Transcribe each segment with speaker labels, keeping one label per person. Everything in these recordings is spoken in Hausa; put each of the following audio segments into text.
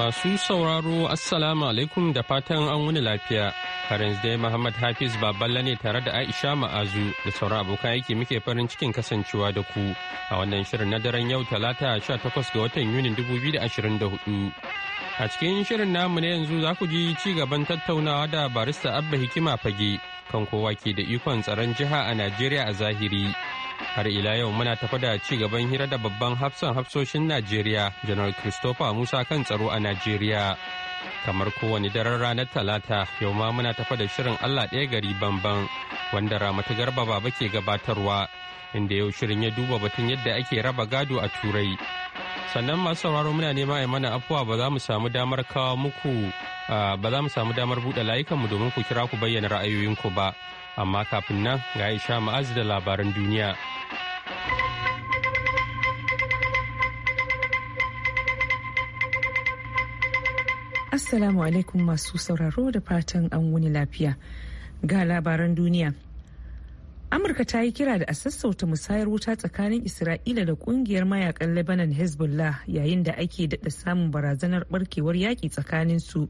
Speaker 1: Masu sauraro Assalamu alaikum da fatan an wuni lafiya. Karens dai Muhammad Hafiz Baballa ne tare da Aisha Ma'azu da sauran abokan aiki muke farin cikin kasancewa da ku a wannan shirin na daren yau talata 18 ga watan Yunin 2024. A cikin shirin namu na yanzu za ku ji ci gaban tattaunawa da barista Abba Hikima Fage kan kowa ke da ikon tsaron jiha a Najeriya a zahiri. har ila yau muna tafa da ci gaban hira da babban hafsan hafsoshin najeriya janar christopher musa kan tsaro a najeriya kamar kowane daren ranar talata yau ma muna tafa da shirin allah ɗaya gari banban wanda ramatu garba baba ke gabatarwa inda yau shirin ya duba batun yadda ake raba gado a turai sannan masu sauraro muna nema a mana afuwa ba za mu samu damar kawo muku ah, ba za mu samu damar buɗe layukanmu domin ku kira ku bayyana ra'ayoyinku ba amma kafin nan ga isha ma'azu da labaran duniya.
Speaker 2: Assalamu alaikum masu sauraro da fatan an wuni lafiya ga labaran duniya. Amurka ta yi kira da a sassauta musayar wuta tsakanin Isra'ila da kungiyar mayakan Lebanon Hezbollah yayin da ake daɗa samun barazanar barkewar yaƙi tsakanin su.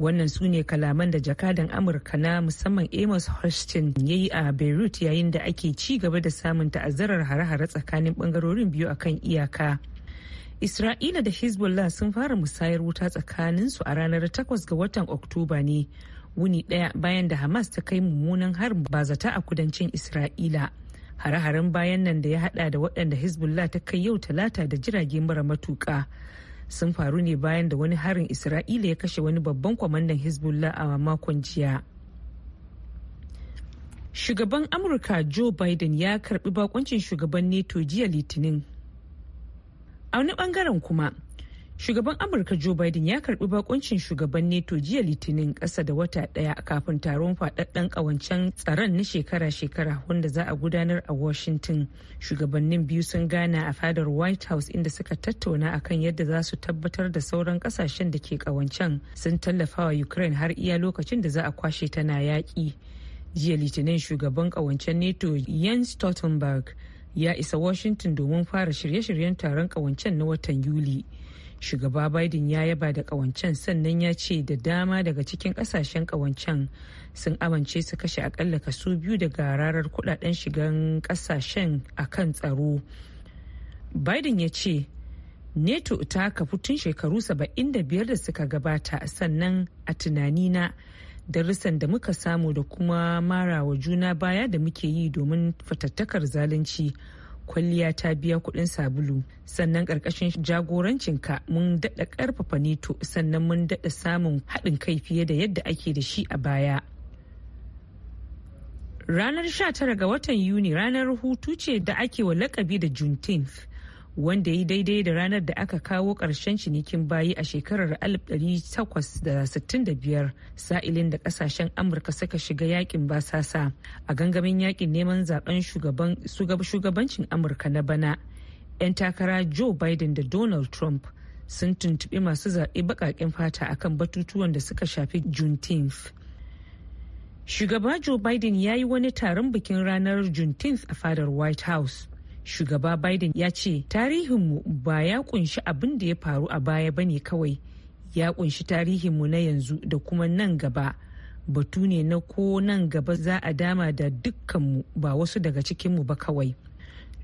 Speaker 2: wannan su ne kalaman da jakadan amurka na musamman amos hoshtin ya yi a beirut yayin da ake ci gaba da samun ta'azzarar hare-hare tsakanin bangarorin biyu akan iyaka isra'ila da hezbollah sun fara musayar wuta tsakaninsu a ranar 8 ga watan oktoba ne wuni daya bayan da hamas ta kai mummunan harin bazata a kudancin isra'ila hare-haren bayan nan da ya hada da waɗanda hezbollah ta kai yau talata da jirage mara matuka sun faru ne bayan da wani harin isra'ila ya kashe wani babban kwamandan hezbollah a makon jiya shugaban amurka joe biden ya karbi bakoncin shugaban neto jiya litinin a wani bangaren kuma shugaban amurka joe biden ya karbi bakuncin shugaban neto jiya litinin kasa da wata daya kafin taron faɗaɗɗen kawancen tsaron na shekara-shekara wanda za a gudanar a washington shugabannin biyu sun gana a fadar white house inda suka tattauna akan yadda za su tabbatar da sauran kasashen da ke kawancen sun tallafa wa ukraine har iya lokacin da za a kwashe tana yaƙi jiya litinin shugaban kawancen nato jens stoltenberg ya isa washington domin fara shirye-shiryen taron kawancen na watan yuli shugaba biden ya yaba da kawancen sannan ya ce da dama daga cikin kasashen kawancen sun amince su kashe akalla kaso biyu daga rarar kudaden shigan kasashen a kan tsaro biden ya ce neto ta kafu tun shekaru 75 da suka gabata sannan a tunanina darussan da muka samu da kuma mara wa juna baya da muke yi domin fatattakar zalunci kwalliya ta biya kuɗin sabulu sannan ƙarƙashin jagorancinka mun daɗa ƙarfafa neto sannan mun daɗa samun haɗin kai fiye da yadda ake da shi a baya ranar 19 ga watan yuni ranar hutu ce da ake wa lakabi da juneteenth wanda yi daidai da ranar da aka kawo ƙarshen cinikin bayi a shekarar 1865 sa'ilin da ƙasashen amurka suka shiga yakin basasa a gangamin yakin neman zaben shugabancin amurka na bana 'yan takara joe biden da donald trump sun tuntuɓi masu zaɓe baƙaƙen fata akan batutuwan da suka shafi juneteenth shugaba joe biden ya yi wani taron bikin ranar juneteenth a fadar white house shugaba biden ya ce tarihinmu ba ya kunshi abin da ya faru a baya bane kawai ya kunshi tarihinmu na yanzu da kuma nan gaba batu ne na ko nan gaba za a dama da dukkanmu ba wasu daga cikinmu ba kawai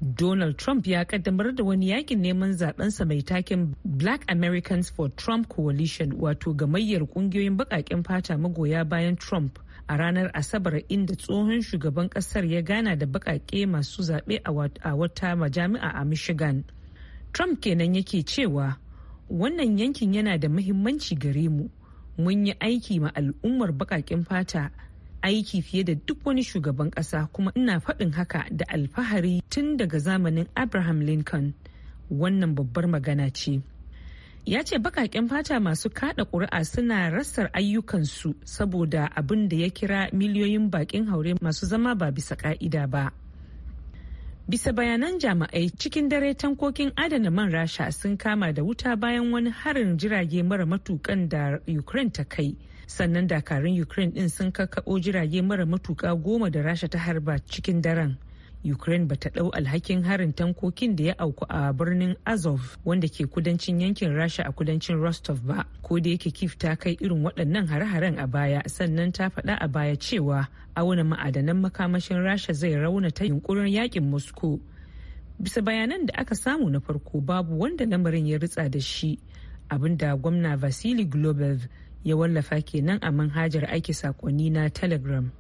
Speaker 2: donald trump ya kaddamar da wani yakin neman zaɓensa mai taken black americans for trump coalition wato gamayyar ƙungiyoyin baƙaƙen fata magoya bayan trump a ranar asabar inda tsohon shugaban kasar ya gana da bakake masu zaɓe a wata majami'a a michigan trump kenan yake cewa wannan yankin yana da muhimmanci gare mu mun yi aiki ma al'ummar bakakin fata aiki fiye da duk wani shugaban ƙasa kuma ina faɗin haka da alfahari tun daga zamanin abraham lincoln wannan babbar magana ce ya ce bakaken fata masu kada ƙuri'a suna ayyukan ayyukansu saboda abin da ya kira miliyoyin bakin haure masu zama ba bisa ka'ida ba. Bisa bayanan jami'ai cikin dare tankokin adana man rasha sun kama da wuta bayan wani harin jirage mara matukan da Ukraine ta kai. Sannan dakarun Ukraine din sun kakkaɓo jirage mara matuka goma da rasha ta harba cikin daren. ukraine bata ɗau alhakin harin tankokin da ya auku a birnin azov wanda ke kudancin yankin rasha a kudancin rostov ba ko da yake kif ta kai irin waɗannan hare-haren a baya sannan ta faɗa a baya cewa auna ma'adanan makamashin rasha zai rauna ta yunkurin yakin moscow bisa bayanan da aka samu na farko babu wanda lamarin ya ritsa da shi abinda gwamna vasily globov ya wallafa kenan a manhajar aiki sakonni na telegram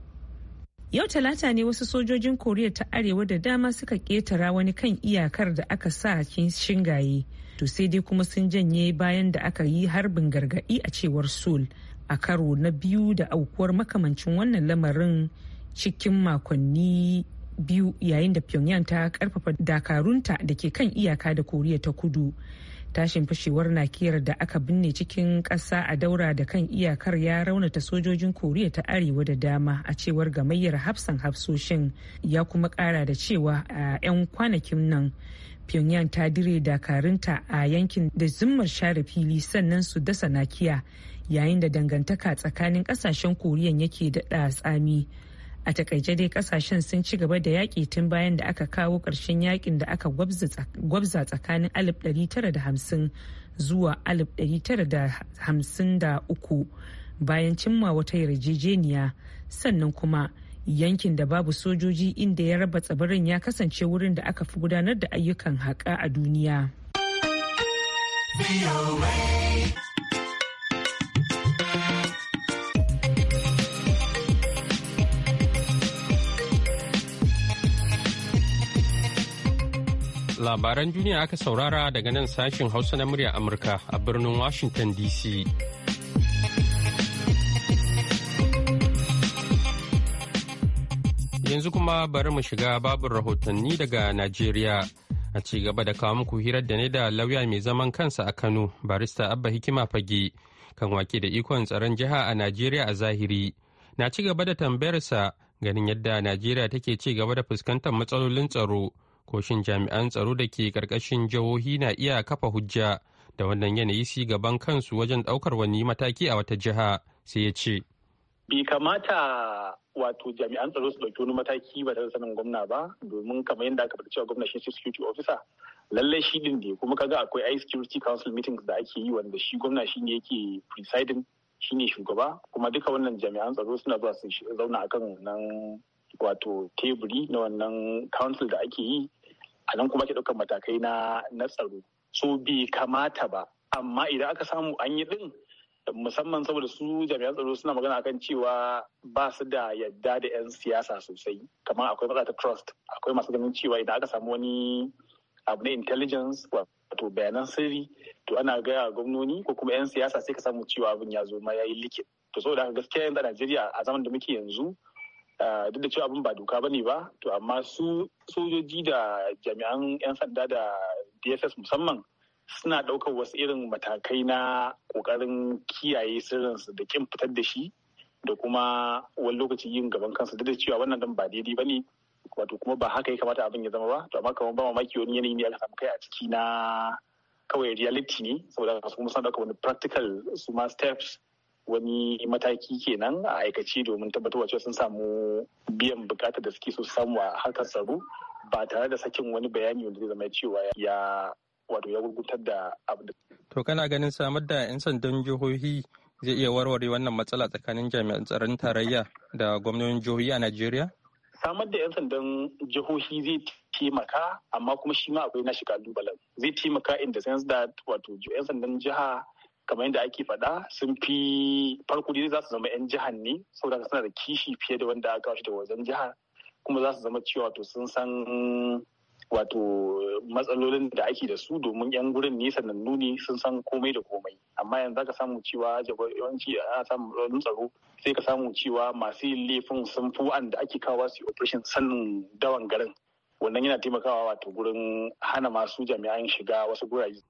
Speaker 2: Yau talata ne wasu sojojin Koriya ta Arewa da dama suka ƙetara wani kan iyakar da aka sa shingaye. To sai dai kuma sun janye bayan da aka yi harbin gargaɗi a cewar sol a karo na biyu da aukuwar makamancin wannan lamarin cikin makonni biyu yayin da Pyongyang ta karfafa dakarunta da ke kan iyaka da Koriya ta Kudu. tashin fashewar nakiyar da aka binne cikin ƙasa a daura da kan iyakar ya raunata sojojin koriya ta arewa da dama a cewar gamayyar hafsan hafsoshin ya kuma ƙara da cewa a 'yan kwanakin nan pyongyang ta dire dakarunta a yankin da zimmar share fili sannan su dasa nakiya yayin da dangantaka tsakanin ƙasashen koriyan yake da tsami. a takaice dai kasashen sun ci gaba da yaƙi tun bayan da aka kawo ƙarshen yaƙin da aka gwabza tsakanin 1950 zuwa 1953 bayan cimma wata yarjejeniya sannan kuma yankin da babu sojoji inda ya raba tsibirin ya kasance wurin da aka fi gudanar da ayyukan haƙa a duniya.
Speaker 1: Labaran duniya aka saurara daga nan sashin Hausa na murya Amurka a birnin Washington DC. Yanzu kuma bari mu shiga babin rahotanni daga Najeriya. A ci gaba da kawo muku hirar da ne da lauya mai zaman kansa a Kano, barista Abba Hikima Fage, kan wake da ikon tsaron jiha a Najeriya a zahiri. Na ci gaba da tambayarsa ganin yadda Najeriya take ci gaba da fuskantar matsalolin tsaro. koshin jami'an tsaro da ke karkashin jihohi na iya kafa hujja da wannan yanayi si gaban kansu wajen ɗaukar wani mataki a wata jiha sai ya ce.
Speaker 3: Bai kamata wato jami'an tsaro su ɗauki wani mataki ba da sanin gwamna ba domin kamar yadda aka fita cewa gwamna shi security officer lallai shi din ne kuma kaga akwai ice security council meetings da ake yi wanda shi gwamna shi ne yake presiding shi ne shugaba kuma duka wannan jami'an tsaro suna zuwa su zauna akan nan wato teburi na wannan council da ake yi a nan kuma ke ɗaukar matakai na na tsaro so bi kamata ba amma idan aka samu an yi ɗin musamman saboda su jami'an tsaro suna magana akan cewa ba su da yadda da 'yan siyasa sosai kamar akwai matsala ta trust akwai masu ganin cewa idan aka samu wani abu na intelligence wato bayanan sirri to ana gaya gwamnoni ko kuma 'yan siyasa sai ka samu cewa abin ya zo ma ya yi likin to saboda haka gaskiya yanzu a najeriya a zaman da muke yanzu Eh, duk da cewa abin ba doka bane ba to amma su sojoji da jami'an 'yan sanda da dss musamman suna ɗaukar wasu irin matakai na ƙoƙarin kiyaye sirrinsu da kin fitar da shi da kuma wani lokaci yin gaban kansu duk da cewa wannan dan ba daidai ba ne wato kuma ba haka ya kamata abin ya zama ba to amma kamar ba mamaki wani yanayi ne aka samu kai a ciki na kawai reality ne saboda su kuma suna ɗaukar wani practical su ma steps wani mataki kenan a aikace domin tabbatarwa cewa sun samu biyan bukatar da suke so samu a harkar tsaro ba tare da sakin wani bayani wanda zai zama cewa ya wato ya gurgutar da abu da.
Speaker 1: To kana ganin samar da 'yan sandan jihohi zai iya warware wannan matsala tsakanin jami'an tsaron tarayya da gwamnonin jihohi a Najeriya?
Speaker 3: Samar da 'yan sandan jihohi zai taimaka amma kuma shi ma akwai nashi kalubalen. Zai taimaka in the sense that wato 'yan sandan jiha kamar yadda ake faɗa sun fi farko dai za su zama 'yan jihar ne saboda suna da kishi fiye da wanda aka shi da wajen jiha kuma za su zama cewa to sun san wato matsalolin da ake da su domin 'yan gurin ne sanannu ne sun san komai da komai amma yanzu ka samu cewa yawanci a samun rolin tsaro sai ka samu cewa masu yin laifin sun fi wa'anda ake kawo su operation sanin dawan garin wannan yana taimakawa wato gurin hana masu jami'an shiga wasu guraje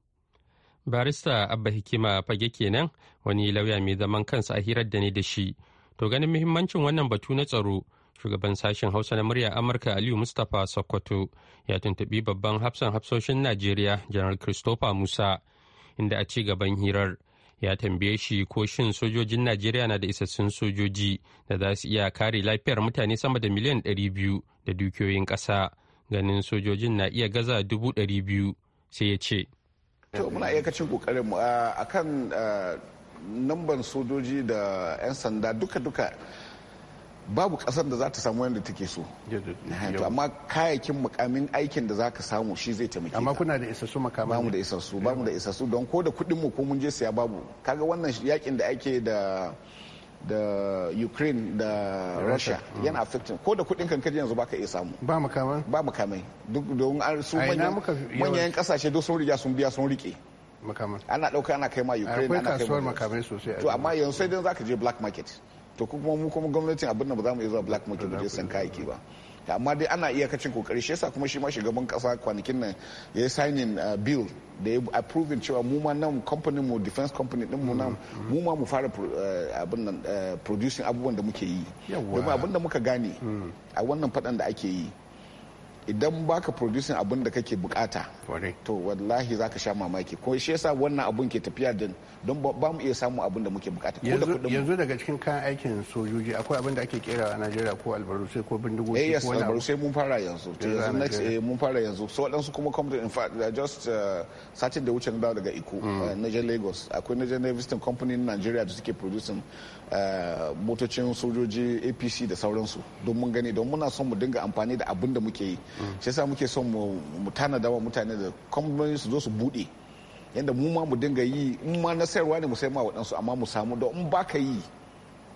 Speaker 1: barista abba hikima fage kenan wani lauya mai zaman kansa a hirar da ne da shi to ganin muhimmancin wannan batu na tsaro shugaban sashen hausa na murya amurka aliyu mustapha sokoto ya tuntubi babban hafsan hafsoshin najeriya janar christopher musa inda a ci gaban hirar ya tambaye shi ko shin sojojin najeriya na da isassun sojoji da za su iya kare lafiyar mutane sama da miliyan ɗari biyu da dukiyoyin ƙasa ganin sojojin na iya gaza dubu ɗari biyu sai ya ce to
Speaker 4: muna kacin kokarin mu kan namban sojoji da 'yan sanda duka-duka babu kasar da za ta samu yadda take so eh, amma kayayyakin mukamin aikin da za ka samu shi zai taimake amma kuna da isassu makamai bamu da isassu bamu da isassu don ko da kudin mu ko mun je siya babu kaga wannan yakin da ake da da ukraine da russia yana affecting ko da kudin kankar yanzu ba ka iya samu ba makamai ba makamai duk domin an su manyan kasashe duk sun riga sun biya sun rike makamai ana dauka ana kai ma ukraine ana kai makamai sosai to amma yanzu sai dan zaka je black market to kuma mu kuma gwamnatin abin nan ba za mu iya zuwa black market da san kayayyaki ba amma dai ana iyakacin kokari shi yasa kuma shi ma shugaban kasa kwanakin nan ya yi signing uh, bill da ya approving cewa mu ma nan mu defense company din mu nan mm-hmm. mu ma mu fara eh, abin nan eh, producing abubuwan da muke yi domin abin da muka gane mm. a wannan fadan da ake yi idan baka producing abin da kake bukata to wallahi zaka sha mamaki ko shi yasa wannan abun ke tafiya din don ba mu iya samu abin da muke bukata yanzu
Speaker 5: daga cikin kayan aikin sojoji akwai abin da ake kera a Najeriya ko albarusai ko bindigogi eh, ko wani albarusai
Speaker 4: mun fara yanzu yanzu next eh, mun fara yanzu so waɗansu kuma company in fact just uh, satin da wuce na dawo daga Iko hmm. uh, Niger Lagos akwai Niger navistin company na Najeriya da suke producing uh, motocin sojoji APC da sauransu don mun gani don muna son mu dinga amfani da abin da muke yi shi yasa muke son mu tanada wa mutane da kwamfani su zo su bude yadda mu ma mu dinga yi in ma na sayarwa ne mu sai ma waɗansu amma mu samu da in ba ka yi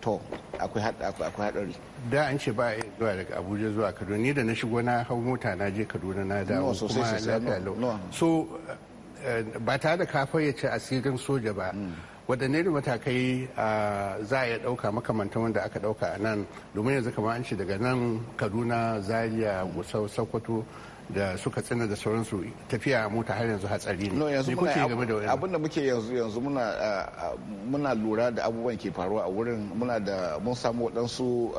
Speaker 4: to akwai haɗari da an ce ba a zuwa daga abuja zuwa kaduna ni da na shigo
Speaker 5: na hau mota na je kaduna na dawo kuma na lau so eh, ba tare da ka fayyace asirin soja ba mm. waɗanne da matakai za a iya ɗauka makamantan wanda aka ɗauka a nan domin yanzu kamar an ce daga nan kaduna zaria gusau sokoto da suka tsina da sauransu tafiya mota har yanzu hatsari ne yanzu kuke game da wannan
Speaker 4: abinda muke yanzu yanzu muna muna lura da abubuwan ke faruwa a wurin muna da mun samu waɗansu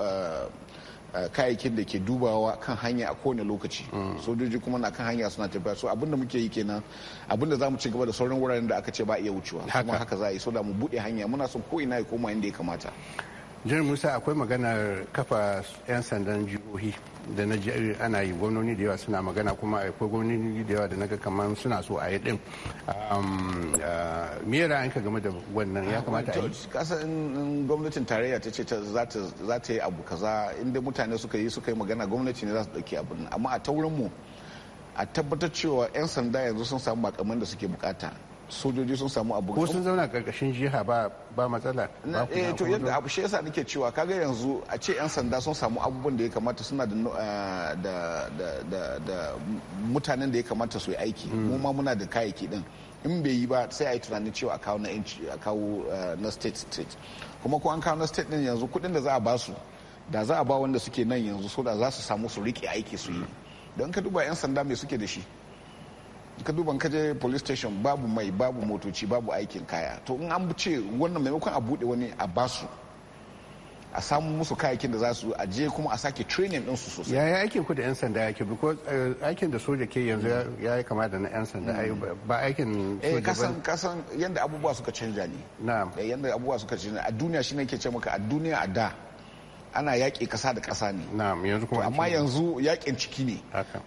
Speaker 4: kayayyakin da ke dubawa kan hanya a kowane lokaci mm. sojoji kuma na kan hanya suna tafiya so abinda muke yi kenan abinda za mu ci gaba da sauran wuraren da aka ce ba iya wucewa kuma haka za a yi so da mu buɗe hanya muna son ko ina ya koma inda ya kamata
Speaker 5: jirgin musa akwai maganar kafa 'yan sandan jihohi da na ji ana yi gwamnoni da yawa suna magana kuma akwai gwamnoni da yawa da naga kamar suna so a yi din mera an ka game da wannan ya kamata a yi
Speaker 4: kasan gwamnatin tarayya ta ce za ta yi abu kaza inda mutane suka yi suka yi magana gwamnati ne za su dauki abin amma a taurin mu a tabbatar cewa 'yan sanda yanzu sun samu makaman da suke bukata sojoji sun samu abu ko sun zauna karkashin jiha ba ba matsala eh to yadda abu shi yasa nake cewa kaga yanzu a ce yan sanda sun samu abubuwan da ya kamata suna da eh, da mutanen da ya kamata su yi aiki hmm. mu ma muna da kayayyaki din in bai yi ba sai a yi tunanin cewa a kawo na a kawo eh, na state state kuma ko an kawo na state din yanzu kuɗin da za a ba su da za a ba wanda suke nan yanzu so da za su samu su rike aiki su yi hmm. don ka duba yan sanda mai suke da shi ka duban kaje police station babu mai babu motoci babu aikin kaya to in an ce wannan maimakon a bude wani a basu a samu musu kayakin da za su a je kuma a sake training ɗinsu sosai
Speaker 5: yaya aikin ku da 'yan sanda yake because eh, aikin da soja ke yanzu ya yi kama da na 'yan sanda ba aikin soja eh, kasan
Speaker 4: kasan yanda abubuwa suka canja ne na'am eh, yanda abubuwa suka canja a duniya shine ke ce maka a duniya a da ana yaƙi ƙasa da ƙasa ne amma yanzu yaƙin ciki ne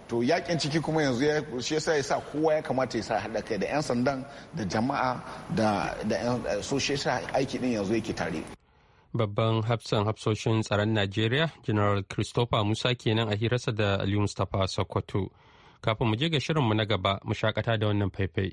Speaker 4: to yaƙin ciki kuma yanzu shi yasa ya sa kowa ya kamata ya sa haɗa kai da 'yan sandan da jama'a da eh, so shi yasa aiki ɗin yanzu yake tare
Speaker 1: babban hafsan hafsoshin tsaron najeriya general christopher musa kenan a hirarsa da aliyu mustapha sokoto kafin mu je ga shirinmu na gaba mu shakata da wannan faifai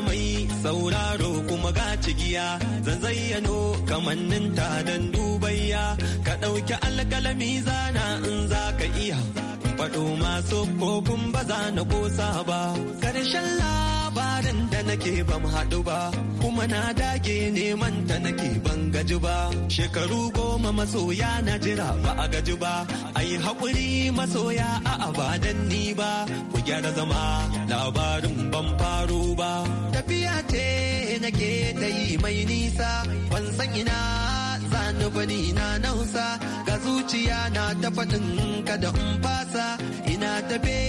Speaker 6: malamai mai sauraro kuma ga cigiya zan zayyano kamannin ta dan dubayya ka ɗauki alƙalami zana in za ka iya faɗo masu kokun ba za na ƙosa ba Karshen labarin da nake ban haɗu ba kuma na dage neman ta nake ban gaji ba shekaru goma masoya na jira ba a gaji ba ayi haƙuri masoya a abadan ni ba ku gyara zama labarin ban faru ba tafiya ce nake ta yi mai nisa ban san ina sani bani na nausa ga zuciya na ta faɗin kada in fasa ina tafe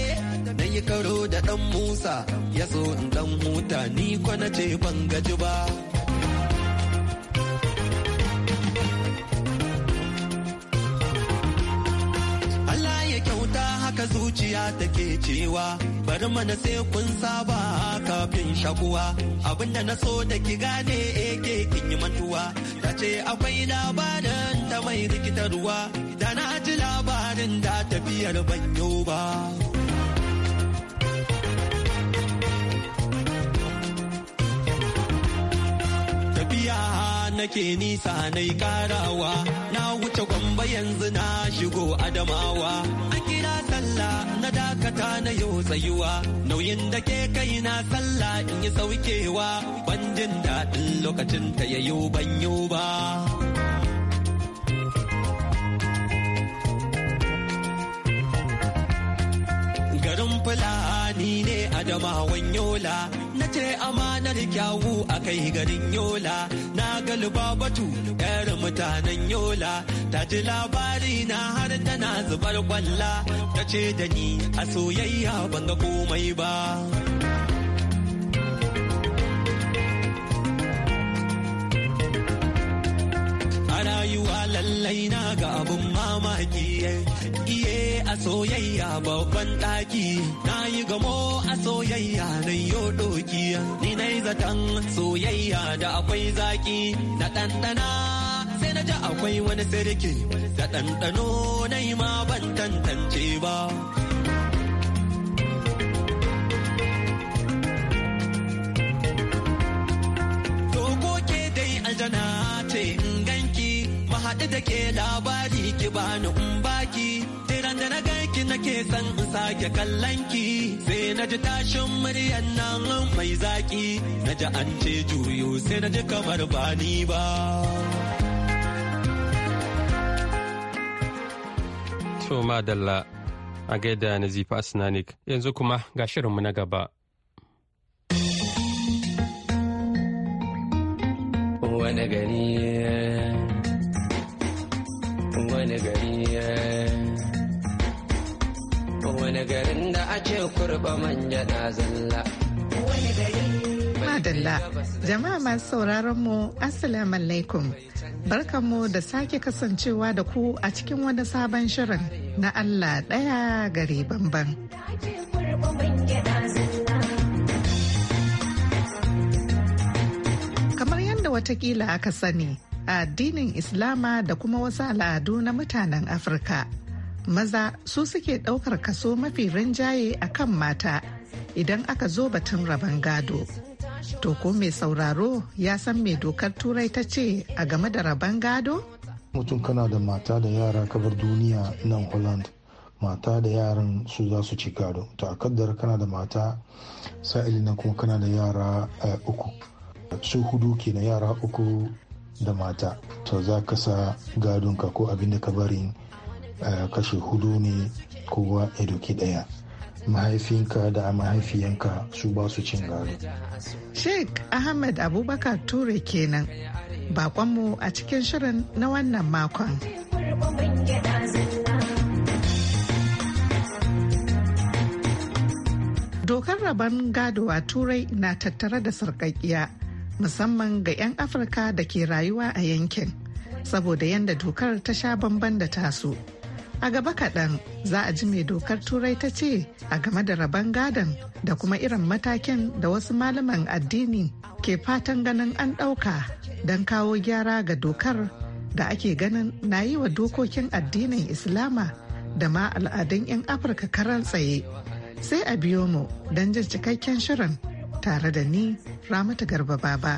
Speaker 6: na yi karo da ɗan musa ya so in ɗan huta ni kwanace ce ban gaji ba. haka zuciya take cewa bari mana sai kun saba kafin shakuwa abinda na so da ki gane eke kin yi mantuwa ta ce akwai labarin ta mai rikitarwa da na ji labarin da tafiyar ban ba tafiya nake nisa na yi karawa na wuce gwamba yanzu na shigo adamawa an kira sallah na dakata na yau tsayuwa nauyin da ke kai na sallah in yi saukewa ban jin daɗin lokacin ta yayo ban yau ba fulani ne adamawan yola na ce amanar kyawu a kai garin yola na galiba batu yar mutanen yola ta ji labari na har tana zubar kwalla ta ce da ni a soyayya ban ga komai ba rayuwa lallai na ga abun mamaki iye a soyayya babban ɗaki na yi gamo a soyayya na yo doki ni na zaton soyayya da akwai zaki na ɗanɗana sai na ji akwai wani sirki da ɗanɗano na yi ma ban tantance ba take labari ki bani in baki tiran da na ganki nake san in sake kallon ki sai na ji tashin muryan nan mai zaki na ji an ce juyo sai na ji kamar ba ni ba
Speaker 1: to madalla a gaida zifa asnanik yanzu kuma ga shirinmu na gaba Wane gari wani gari eh.
Speaker 6: wani garin da a ce kurba manja na zalla
Speaker 2: wani gari Madalla,
Speaker 7: jama'a masu sauraron mu Assalamu alaikum. Barkanmu da sake kasancewa da ku a cikin wani sabon shirin na Allah ɗaya gari bamban. Kamar yadda watakila aka sani, addinin islama da kuma wasu al'adu na mutanen afirka maza su suke ɗaukar kaso mafi rinjaye a kan mata idan aka zo batun rabon gado to ko mai sauraro ya san mai dokar turai ta ce a game da rabon gado mutum kana da mata da yara kabar duniya nan holland
Speaker 8: mata da yaran su za su ci gado ta kaddara kana da mata sa'ili kuma kana da yara eh, uku su hudu ke na yara uku da mata to za ka sa gadonka ko abin da ka bari eh, kashe hudu ne kowa ya doki daya mahaifinka da mahaifiyanka su ba su cin gado.
Speaker 7: sheik ahmed abubakar ture kenan bakonmu a cikin shirin na wannan makon. Dokar rabon gado a Turai na tattare da sarkakiya. musamman ga 'yan afirka da ke rayuwa a yankin saboda yadda dokar ta sha bamban da tasu a gaba kaɗan za a ji mai dokar turai ta ce a game da rabon gadon da kuma irin matakin da wasu malaman addini ke fatan ganin an ɗauka don kawo gyara ga dokar da ake ganin na yi wa dokokin addinin islama da ma al'adun 'yan afirka karan tsaye sai a biyo mu don jin cikakken shirin tare da ni Ramatu Garba Baba.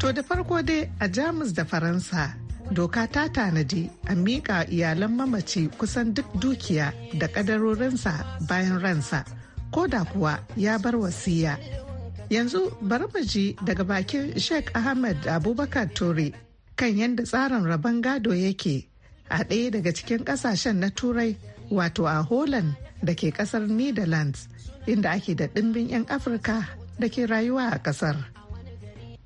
Speaker 7: To da farko dai a Jamus da Faransa doka ta tanadi a miƙa iyalan mamaci kusan duk dukiya da ƙadarorinsa bayan ransa ko da kuwa ya bar wasiya. Yanzu bari mu ji daga bakin Sheikh Ahmed Abubakar tore kan yadda tsarin rabon gado yake a ɗaya daga cikin ƙasashen na turai wato a holland da ke ƙasar netherlands inda ake da ɗimbin 'yan afirka da ke rayuwa a ƙasar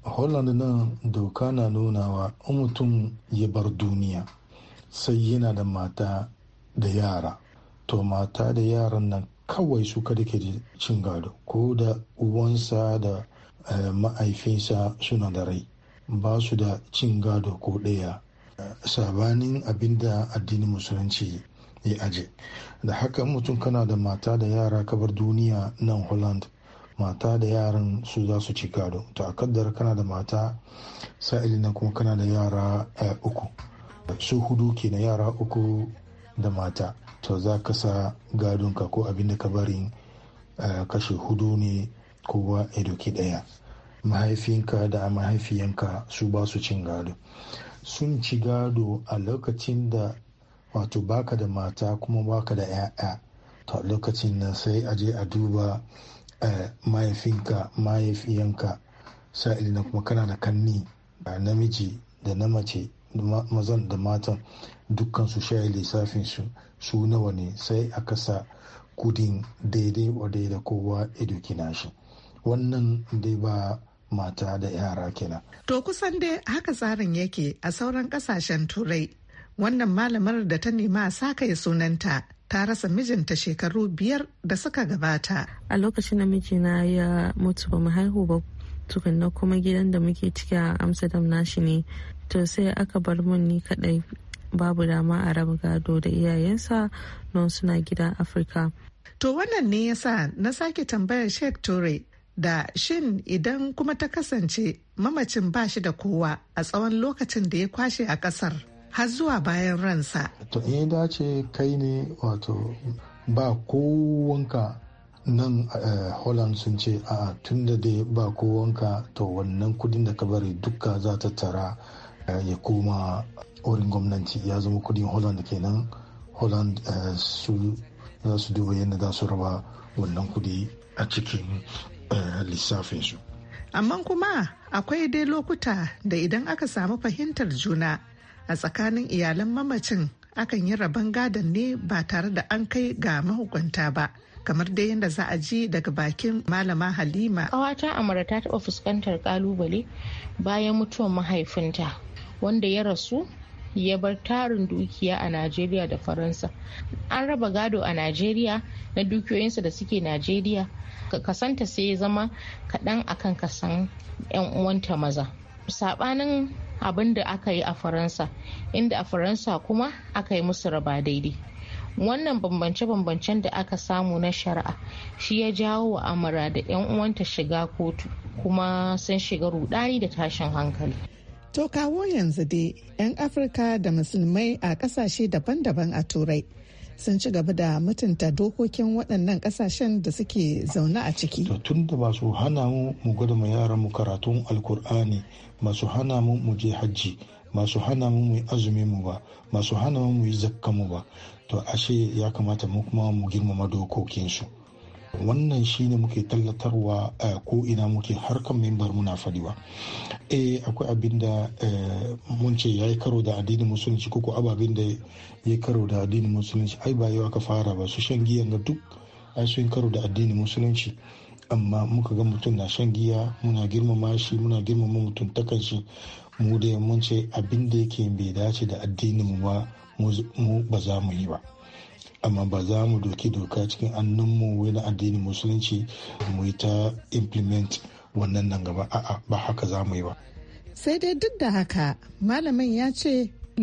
Speaker 8: a holland nan doka na nunawa in mutum ya bar duniya sai yana da mata da yara to mata da yaran nan kawai su kada ke cin gado ko da uwansa da eh, ma'aifinsa suna da rai ba su da cin gado ko ɗaya sabanin abin da addinin musulunci ya aje da haka mutum kana da mata da yara kabar duniya nan holland mata da yaran su za su ci gado to a kaddara kana da mata sa'ili na kuma kana da yara eh, uku su hudu ke na yara uku da mata to za ka sa gadonka ko abin da ka bari eh, kashe hudu ne kowa ya doki daya mahaifinka da mahaifiyanka su ba su cin gado sun ci gado a lokacin da wato baka da mata kuma baka da 'ya'ya to lokacin nan sai a je a duba eh, mahaifinka mahaifiyanka sa'il na kuma kana da kanni namiji da na mace mazan da matan dukkan su sha lissafin su nawa ne sai a kasa kudin daidai wa da kowa idokina shi wannan dai ba mata da yara
Speaker 7: kenan. To kusan dai haka tsarin yake a sauran kasashen turai. Wannan malamar da ta nema a sunanta ta rasa mijinta shekaru biyar da suka gabata.
Speaker 2: A lokacin da mijina ya mutu ba mu haihu ba tukunna kuma gidan da muke ciki a Amsterdam nashi ne. To sai aka bar mun ni kadai babu dama a raba gado da iyayensa don suna gidan Afirka. To wannan ne yasa
Speaker 7: na sake tambayar Sheikh Ture da shin idan kuma ta kasance mamacin ba shi da kowa a tsawon lokacin da ya kwashe a kasar har zuwa bayan ransa.
Speaker 8: To in ya dace kai ne wato ba kowanka nan eh, Holland sun ce a tun da dai ba kowanka to wannan kudin da ka bari duka za ta tara eh, ya koma orin gwamnati ya zama kudin Holland kenan Holland eh, su za su duba yadda za su raba wannan kudi a cikin su.
Speaker 7: Amma kuma akwai dai lokuta da idan aka samu fahimtar juna a tsakanin iyalan mamacin akan yi rabon gadon ne ba tare da an kai ga mahukunta ba. kamar dai yadda za a ji daga bakin malama halima kawata amara ta taɓa fuskantar kalubale bayan mutuwar mahaifinta wanda ya rasu ya bar tarin dukiya a najeriya da faransa an raba gado a najeriya na dukiyoyinsa da suke najeriya kasanta sai ya zama kaɗan akan kasan 'yan uwanta maza saɓanin abin da aka yi a faransa inda a faransa kuma aka yi musu raba daidai wannan bambance-bambancen da aka samu na shari'a shi ya jawo wa amara da 'yan uwanta shiga kotu kuma sun shiga rudani da tashin hankali To kawo yanzu dai 'yan Afirka da musulmai a ƙasashe daban-daban a Turai sun ci gaba da mutunta dokokin waɗannan ƙasashen da suke zaune a ciki.
Speaker 8: Tun da ba su hana mu mu gwada ma yaran mu karatun alkur'ani masu hana mu mu je hajji masu hana mu mu yi azumi mu ba masu hana mu mu yi zakka mu ba to ashe ya kamata mu kuma mu girmama dokokinsu. wannan shine muke tallatarwa ko ina muke harkar membar muna fadiwa eh akwai abin da e, mun ce ya yi karo da addinin musulunci ko ababen da ya yi karo da addinin musulunci ai ba yau aka fara ba su shan giya ga duk ai sun karo da addinin musulunci amma muka ga mutum na shan giya muna girmama shi muna girmama mutum takan shi mu da mun ce abin da yake bai dace da addinin mu ba mu ba za mu yi ba amma ba za mu doki doka cikin annunmu wai na addinin musulunci mu yi ta implement wannan nan gaba a'a ba haka za mu yi ba
Speaker 7: sai dai duk da haka malamin ya ce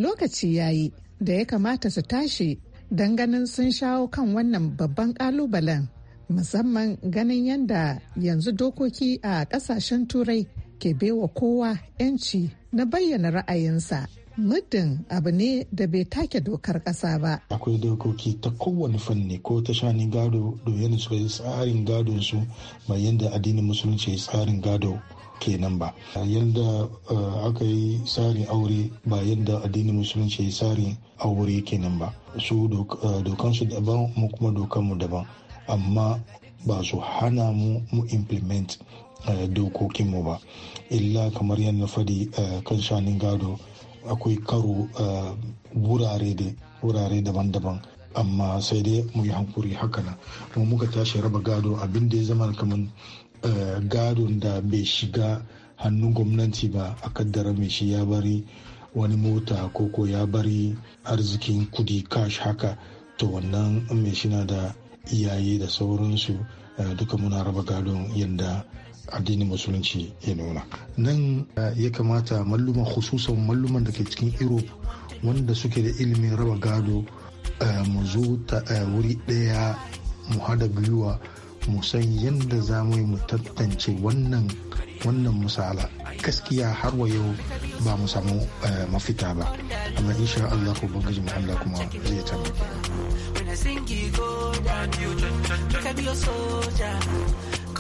Speaker 7: lokaci ya yi da ya kamata su tashi don ganin sun shawo kan wannan babban kalubalen musamman ganin yadda yanzu dokoki a kasashen turai ke baiwa kowa 'yanci na bayyana ra'ayinsa muddin abu ne da bai take dokar ƙasa ba.
Speaker 8: Akwai dokoki ta kowane fanni ko ta shanin gado yana su yi tsarin gado su mai yadda addinin musulunci tsarin gado kenan ba. Yadda eh, aka yi tsarin aure ba yadda addinin musulunci tsarin aure kenan ba. Su eh, dokan su daban mu kuma dokan mu daban. Amma ba su hana mu mu implement eh, dokokinmu ba. Illa kamar yadda fadi kan shanin gado. akwai karo wurare daban-daban amma sai dai mu yi hankuri hakanan mu muka tashi raba gado abin da ya zama kamar gadon da bai shiga hannun gwamnati ba a kaddara mai shi ya bari wani mota ko ko ya bari arzikin kudi kash haka to wannan mai shi na da iyaye da sauransu duka muna raba gadon yadda addinin musulunci ya nuna nan eh, ya kamata malluman khususan malluman da ke cikin europe wanda suke da ilimin raba gado eh, mu zo ta eh, wuri daya mu hada gwiwa mu san yadda za mu yi mu tantance wannan wannan misala gaskiya har wa yau ba mu samu mafita ba amma insha Allah ko bangiji Allah kuma zai tabbata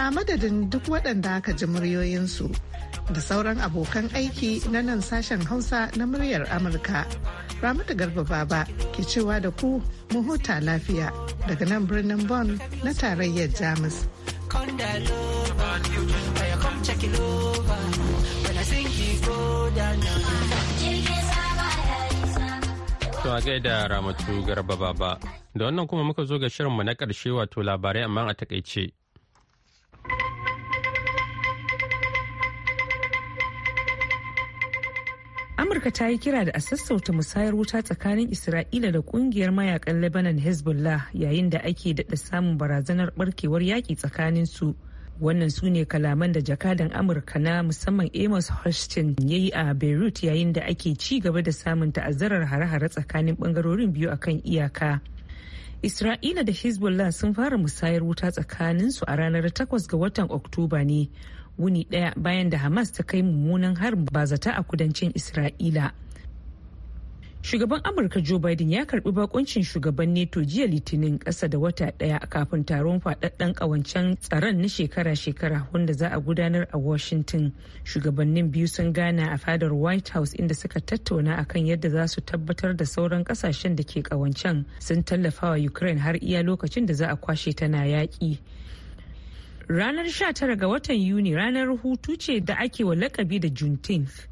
Speaker 7: a madadin duk waɗanda aka ji muryoyinsu da sauran abokan aiki na nan sashen hausa na muryar amurka ramatu garba baba ke cewa da ku mu huta lafiya daga nan birnin Bon na tarayyar jamus
Speaker 1: To a gaida ramatu garba baba da wannan kuma muka zo ga shirinmu na ƙarshe wato labarai amma a takaice.
Speaker 2: amurka ta yi kira da a sassauta musayar wuta tsakanin isra'ila da kungiyar mayakan lebanon hezbollah yayin da ake daɗa samun barazanar barkewar yaƙi tsakanin su wannan su ne kalaman da jakadan amurka na musamman amos hoshtin ya yi a beirut yayin da ake ci gaba da samun ta'azzarar hare-hare tsakanin bangarorin biyu akan iyaka isra'ila da hezbollah sun fara musayar wuta tsakaninsu a ranar 8 ga watan oktoba ne wuni ɗaya bayan da Hamas ta kai mummunan harin bazata a kudancin Isra'ila. Shugaban Amurka Joe Biden ya karbi bakuncin shugaban neto jiya Litinin kasa da wata ɗaya kafin taron faɗaɗɗen ƙawancen tsaron na shekara-shekara wanda za a gudanar a Washington. Shugabannin biyu sun gana a fadar White House inda suka tattauna akan yadda za su tabbatar da sauran kasashen da ke ƙawancen sun tallafawa Ukraine har iya lokacin da za a kwashe tana yaƙi. Ranar 19 ga watan Yuni ranar hutu ce da ake wa lakabi da Juneteenth.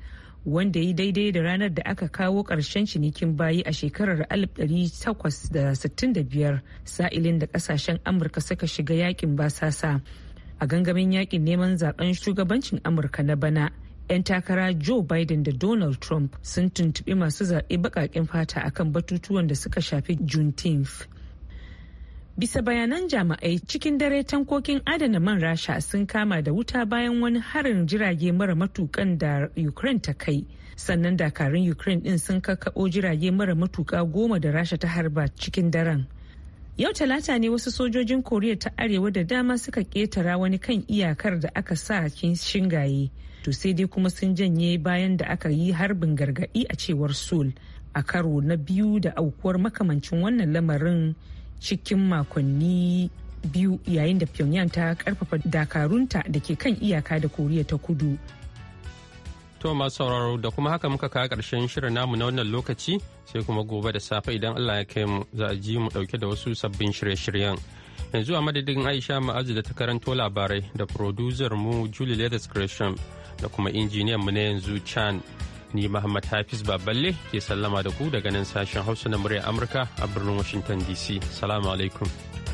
Speaker 2: wanda yi daidai da ranar da aka kawo ƙarshen cinikin bayi a shekarar 1865 sa'ilin da kasashen amurka suka shiga yakin basasa a gangamin yakin neman zaben shugabancin amurka na bana 'yan takara joe biden da donald trump sun tuntuɓi masu zaɓe baƙaƙen fata akan batutuwan da suka shafi juneteenth Bisa bayanan jami'ai cikin dare tankokin adana man Rasha sun kama da wuta bayan wani harin jirage mara matukan da Ukraine ta kai. Sannan dakarun Ukraine din sun kakao jirage mara matuka goma da Rasha ta harba cikin daren. Yau talata ne wasu sojojin Koriya ta Arewa da dama suka ketara wani kan iyakar da aka sa shingaye. To sai dai kuma sun janye bayan da aka yi harbin gargaɗi a cewar sol a karo na biyu da aukuwar makamancin wannan lamarin cikin makonni biyu yayin da pyongyang ta karfafa dakarunta da ke kan iyaka da koriya ta kudu
Speaker 1: to masu sauraro da kuma haka muka kawo karshen shirin namu na wannan lokaci sai kuma gobe da safe idan allah ya kai mu za a ji mu dauke da wasu sabbin shirye-shiryen yanzu a madadin aisha ma'azu da ta karanto labarai da producer mu julie da kuma injiniyan mu na yanzu chan ni Muhammad Hafiz Baballe ke sallama da ku daga nan sashen Hausa na muryar Amurka a birnin Washington DC. Salamu alaikum.